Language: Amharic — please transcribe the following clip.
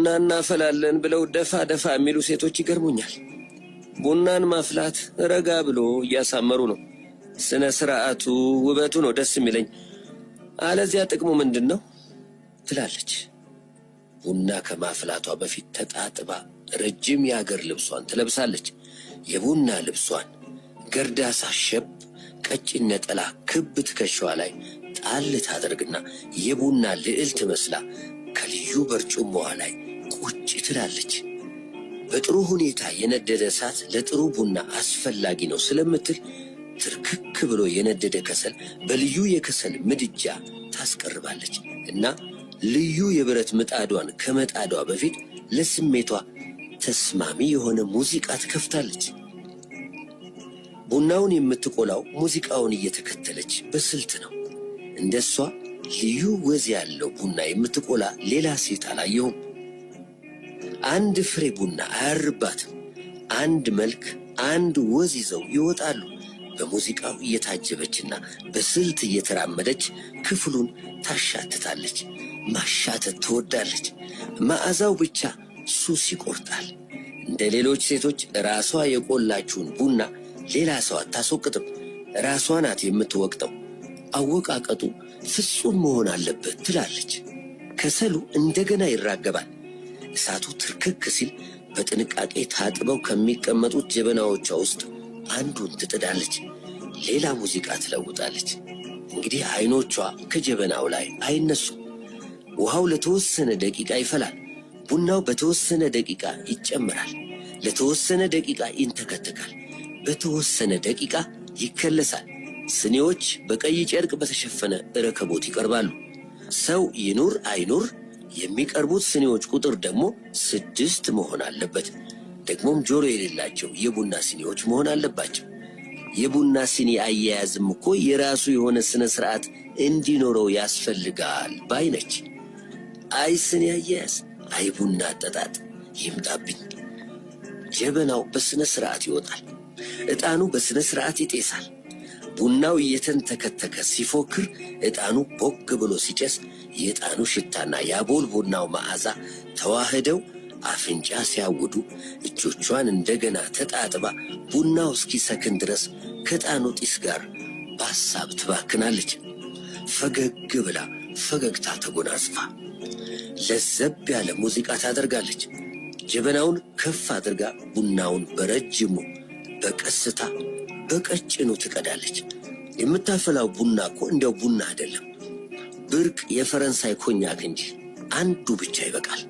ቡና እናፈላለን ብለው ደፋ ደፋ የሚሉ ሴቶች ይገርሙኛል። ቡናን ማፍላት ረጋ ብሎ እያሳመሩ ነው። ስነ ስርዓቱ ውበቱ ነው ደስ የሚለኝ። አለዚያ ጥቅሙ ምንድን ነው ትላለች። ቡና ከማፍላቷ በፊት ተጣጥባ ረጅም የአገር ልብሷን ትለብሳለች። የቡና ልብሷን ገርዳሳ ሸብ፣ ቀጭን ነጠላ ክብ ትከሻዋ ላይ ጣል ታደርግና የቡና ልዕልት መስላ ከልዩ በርጩማዋ ላይ ቁጭ ትላለች። በጥሩ ሁኔታ የነደደ እሳት ለጥሩ ቡና አስፈላጊ ነው ስለምትል ትርክክ ብሎ የነደደ ከሰል በልዩ የከሰል ምድጃ ታስቀርባለች እና ልዩ የብረት ምጣዷን ከመጣዷ በፊት ለስሜቷ ተስማሚ የሆነ ሙዚቃ ትከፍታለች። ቡናውን የምትቆላው ሙዚቃውን እየተከተለች በስልት ነው። እንደሷ ልዩ ወዝ ያለው ቡና የምትቆላ ሌላ ሴት አላየሁም። አንድ ፍሬ ቡና አያርባትም። አንድ መልክ፣ አንድ ወዝ ይዘው ይወጣሉ። በሙዚቃው እየታጀበችና በስልት እየተራመደች ክፍሉን ታሻትታለች። ማሻተት ትወዳለች። መዓዛው ብቻ ሱስ ይቆርጣል። እንደ ሌሎች ሴቶች ራሷ የቆላችውን ቡና ሌላ ሰው አታስወቅጥም። ራሷ ናት የምትወቅጠው። አወቃቀጡ ፍጹም መሆን አለበት ትላለች። ከሰሉ እንደገና ይራገባል። እሳቱ ትርክክ ሲል በጥንቃቄ ታጥበው ከሚቀመጡት ጀበናዎቿ ውስጥ አንዱን ትጥዳለች፣ ሌላ ሙዚቃ ትለውጣለች። እንግዲህ አይኖቿ ከጀበናው ላይ አይነሱም። ውሃው ለተወሰነ ደቂቃ ይፈላል። ቡናው በተወሰነ ደቂቃ ይጨምራል። ለተወሰነ ደቂቃ ይንተከተካል። በተወሰነ ደቂቃ ይከለሳል። ስኒዎች በቀይ ጨርቅ በተሸፈነ ረከቦት ይቀርባሉ። ሰው ይኑር አይኑር የሚቀርቡት ስኒዎች ቁጥር ደግሞ ስድስት መሆን አለበት። ደግሞም ጆሮ የሌላቸው የቡና ስኒዎች መሆን አለባቸው። የቡና ስኒ አያያዝም እኮ የራሱ የሆነ ስነ ስርዓት እንዲኖረው ያስፈልጋል ባይ ነች። አይ ስኒ አያያዝ፣ አይ ቡና አጠጣጥ ይምጣብኝ። ጀበናው በስነ ስርዓት ይወጣል። ዕጣኑ በስነ ስርዓት ይጤሳል። ቡናው እየተንተከተከ ሲፎክር ዕጣኑ ቦግ ብሎ ሲጨስ የዕጣኑ ሽታና የአቦል ቡናው መዓዛ ተዋህደው አፍንጫ ሲያውዱ እጆቿን እንደገና ተጣጥባ ቡናው እስኪሰክን ድረስ ከዕጣኑ ጢስ ጋር በሐሳብ ትባክናለች። ፈገግ ብላ ፈገግታ ተጎናጽፋ ለዘብ ያለ ሙዚቃ ታደርጋለች። ጀበናውን ከፍ አድርጋ ቡናውን በረጅሙ በቀስታ በቀጭኑ ትቀዳለች። የምታፈላው ቡና እኮ እንዲያው ቡና አይደለም፣ ብርቅ የፈረንሳይ ኮኛክ እንጂ አንዱ ብቻ ይበቃል።